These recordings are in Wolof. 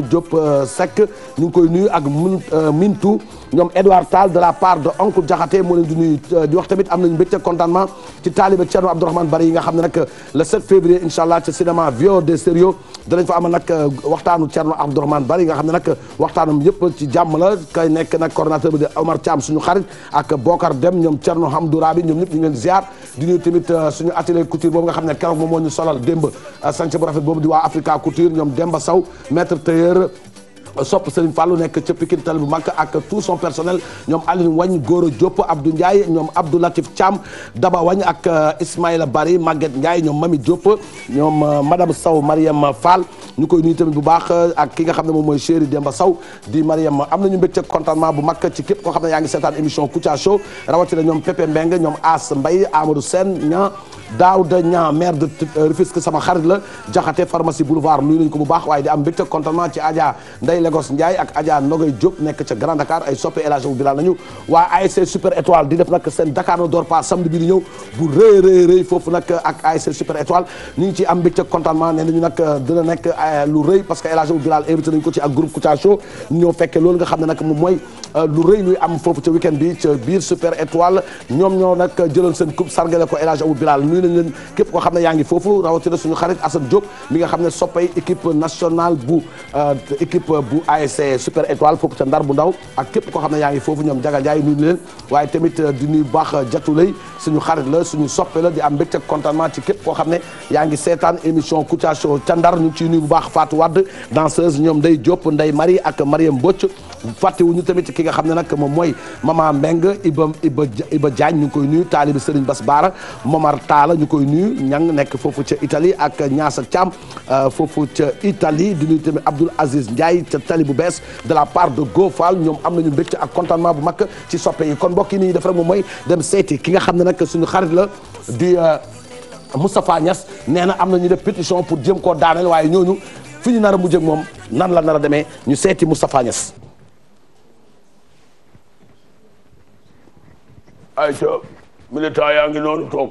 Diop euh, Seck ñu ngi koy nuyu ak euh, Mintu ñoom Edouard Tall de la part de oncle Diakhaté moo leen di nuyu euh, di wax tamit am nañu mbégte contentement ci taalibe Thierno Abdourahmane Bari yi nga xam ne nag le 7 février incha allah ci cinéma Vieux de sérieux danañ fa amal nag waxtaanu Thierno Abdourahmane Bari nga xam ne nag waxtaanam yëpp ci jàmm la kay nekk nag coordonnateur bi de Omar Thiam suñu xarit ak Bokar Dem ñoom Thierno Hamdou Rabi ñoom ñëpp ñu ngi leen ziar di nuyu tamit suñu atelier couture nga xam ne keroog moom moo d'ailleurs sopp Serigne Fallou nekk ca Pikine Tali bu mag ak tout son personnel ñoom Aline Wagne Gora Diop Abdou Ndiaye ñoom Abdou Latif Thiam Daba wañ ak euh, Ismaïla Bari Maguette Ndiaye ñoom Mami Diop ñoom euh, madame Sow Mariam Fall ñu koy nuyu tamit bu baax euh, ak ki nga xam ne moom mooy chéri Demba saw di Mariam am nañu mbégte contentement bu mag ci képp koo xam ne yaa ngi seetaan émission Kouthia Show rawatina ñoom Pépé Mbengue ñoom As Mbaye Amadou Sène ña daaw Daouda Niang maire de euh, Rufisque sama xarit la jaxate pharmacie boulevard nuyu nañu ko bu baax waaye di am mbégte contentement ci Adja Ndeye Lagos Ndiaye ak Adja Nogay Diop nekk ca Grand Dakar ay soppe élage bu bilal nañu waa ASC Super Étoile di def nag seen Dakar ne dort pas samedi bi di ñëw bu rëy rëy rëy foofu nag ak ASC Super Étoile ñu ngi ci am mbégte contentement nee nañu nag euh, dina nekk euh, lu rëy parce que élage bu bilal invité nañu ko ci ak groupe Kouthia Show nga xam ne nag moom mooy Euh, lu rëy luy am foofu ca week-end bi ca biir super étoile ñoom ñoo nag jëloon seen coupe sargale ko El Hadj Abou Bilal nuyu nañ leen képp koo xam ne yaa ngi foofu rawatina suñu xarit Assane Diop mi nga xam ne soppay équipe nationale bu euh, équipe bu ASC super étoile foofu ca Ndar bu ndaw ak képp koo xam ne yaa ngi foofu ñoom Jaga Njaay nuyu leen waaye tamit euh, di nuyu baax jatulay suñu xarit la suñu soppe la di am ca contentement ci képp koo xam ne yaa ngi seetaan émission Kouthia Show ca Ndar ñu bu baax Fatou Wade danseuse ñoom Ndeye Diop Ndeye Marie ak Mariam Mbocc fàttewuñu tamit ki nga xam ne nag moom mooy mama Mbeng Iba Iba Iba Diagne ñu ngi koy nuyu taalibi Serigne Bass Baara Momar Taala ñu koy nuyu ñang nekk foofu ca itali ak Ñaasa Thiam euh, foofu ca itali di nuyu tamit Abdoul Aziz Ndiaye ca tali bu bees de la part de fal ñoom am na nañu mbégte ak contentement bu mag ci soppe yi kon mbokk yi ni ñuy def rek moom mooy dem seeti ki nga xam ne nag suñu xarit la di euh, Moustapha Niass nee na am na ñu def pétition pour jéem koo daaneel waaye ñooñu fu ñu nar a mujjee moom nan la nar a demee ñu seeti Moustapha ayca militant yaa ngi noonu toog.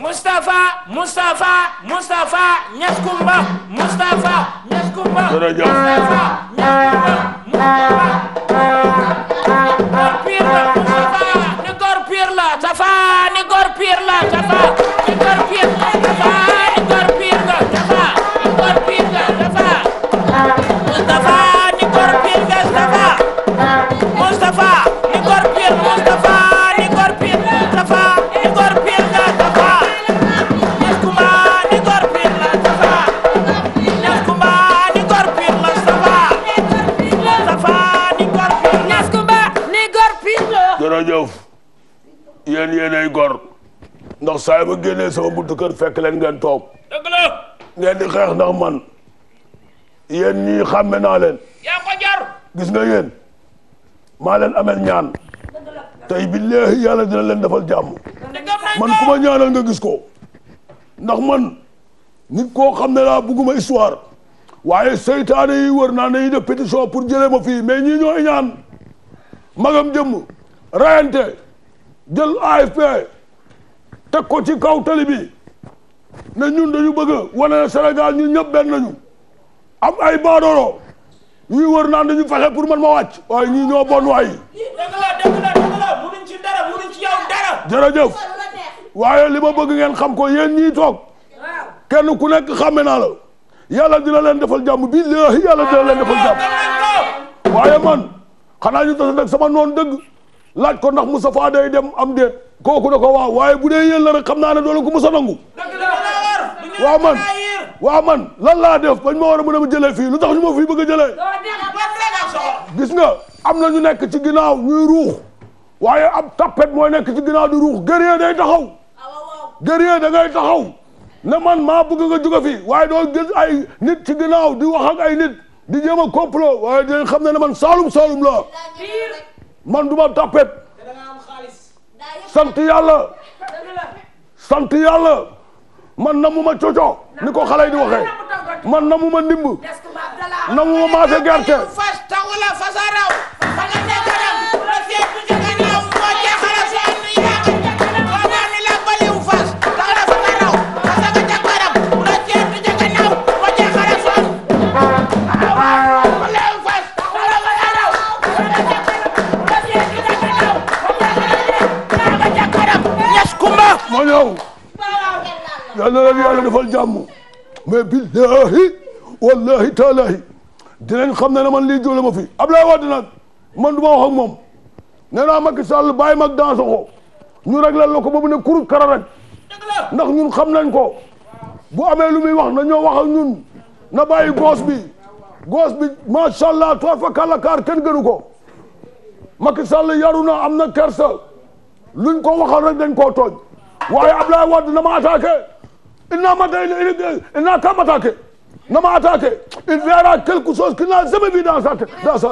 Moustapha Moustapha Moustapha Niass Kumba Moustapha Niass Kumba. jërëjëf Moustapha Niass Kumba Moustapha. ni góor pire la Tafa ni góor pire la Tafa. saa yi ma génnee sama buntu kër fekk leen ngeen toog. dëgg la. ngeen di xeex ndax man yéen ñii xàmme naa leen. gis nga yéen maa leen amel ñaan. tey billaahi yàlla dina leen defal jàmm. man ku ñaanal nga gis ko. ndax man nit koo xam ne laa bugguma histoire. waaye seytaane yi wër naa nañu def pétition pour jëlee ma fii mais ñii ñooy ñaan magam jëmm rayante jël AFP. teg ko ci kaw tali bi na ñun dañu bëgg a wane Sénégal ñu ñëpp benn nañu am ay baadoolo ñuy wër naan dañu fexe pour man ma wàcc waaye ñii ñoo bon waay. dëgg ci dara munuñ waaye li ma bëgg ngeen xam ko yéen ñii toog kenn ku nekk xàmme naa la yàlla dina leen defal jàmm bi yàlla dina leen defal jàmm waaye man xanaa ñu tase nag sama noon dëgg laaj ko ndax Moustapha day dem am déet. kooku da ko waaw waaye bu dee yéen la rek xam naa ne doole ko mos a nangu. waaw man waaw man lan laa def bañ ma war a mën a jëlee fii lu tax ñu ma fii bëgga a jëlee. gis nga am na ñu nekk ci ginnaaw ñuy ruux waaye ab tapet mooy nekk ci ginnaaw di ruux guerrier day taxaw. guerrier da taxaw ne man maa bëgg nga jóge waaye dool gis ay nit ci ginnaaw di wax ay nit di jéem a complot waaye di xam na ne man saalum saalum la man du ma sant yàlla sant yàlla man namuma coco ni ko xale yi di waxee man namuma ndimb namuma maase gerte yàlla na yàlla defal jàmm mais billahi wallahi taalahi dinañ xam ne ne man lii jóole ma fi Ablaye Wade nag man du ma wax ak moom nee naa Macky Sall bàyyi mag danse ko ñu réglal la ko ba mu ne kurut kara rek ndax ñun xam nañ ko bu amee lu muy wax na ñoo wax ak ñun na bàyyi goos bi goos bi macha allah toor fa kàllakaar kenn gënu ko Macky Sall yaru na am na kersa luñ ko waxal rek dañ koo tooñ waaye Ablaye Wade na ma Il n'a il qu'à m'attaquer. Il m'a attaqué. Il verra quelque chose qu'il n'a jamais vu dans sa, dans sa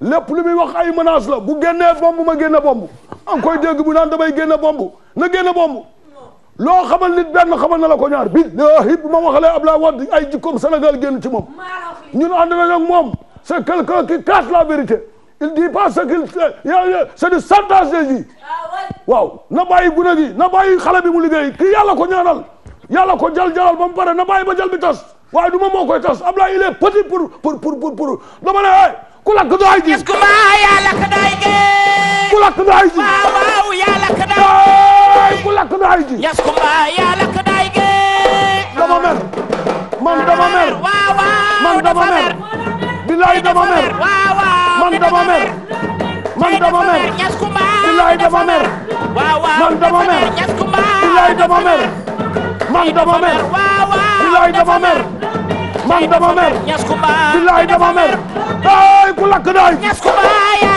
lépp lu muy wax ay menace la bu génnee bomb ma génne bomb an koy dégg bu naan damay génne bomb na génne bomb loo xamal nit benn xamal na la ko ñaar billahi bu ma waxalee Abdoulaye di ay jikkook Sénégal génn ci moom ñun ànd nañ ak moom c'est quelqu'un qui cache la vérité il dit c'est du chantage des yi waaw na bàyyi gune na bàyyi xale bi mu liggéey kii yàlla ko ñaanal la ko jal jalal ba mu pare na bàyyi ba jal bi tas waaye du ma moo koy tas Ablaye il est petit pour pour pour pour pour ku lakk daay ji. ku lakk daay ji. waaw yàlla ka daay ji. ku lakk daay ji. dama mer man dama mer. man man dama mer. man dama mer. man dama mer. bilaay dama mer. man dama mer bilaay dama mer man dama mer ku lakk daay ñas ku baa yaa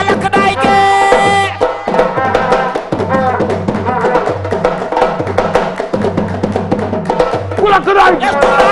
lakk